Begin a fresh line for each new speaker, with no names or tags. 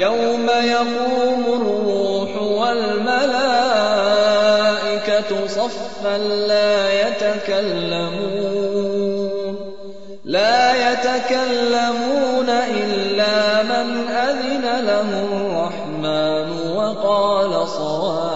يوم يقوم الروح والملائكة صفا لا يتكلمون لا يتكلمون إلا من أذن
له الرحمن وقال صواب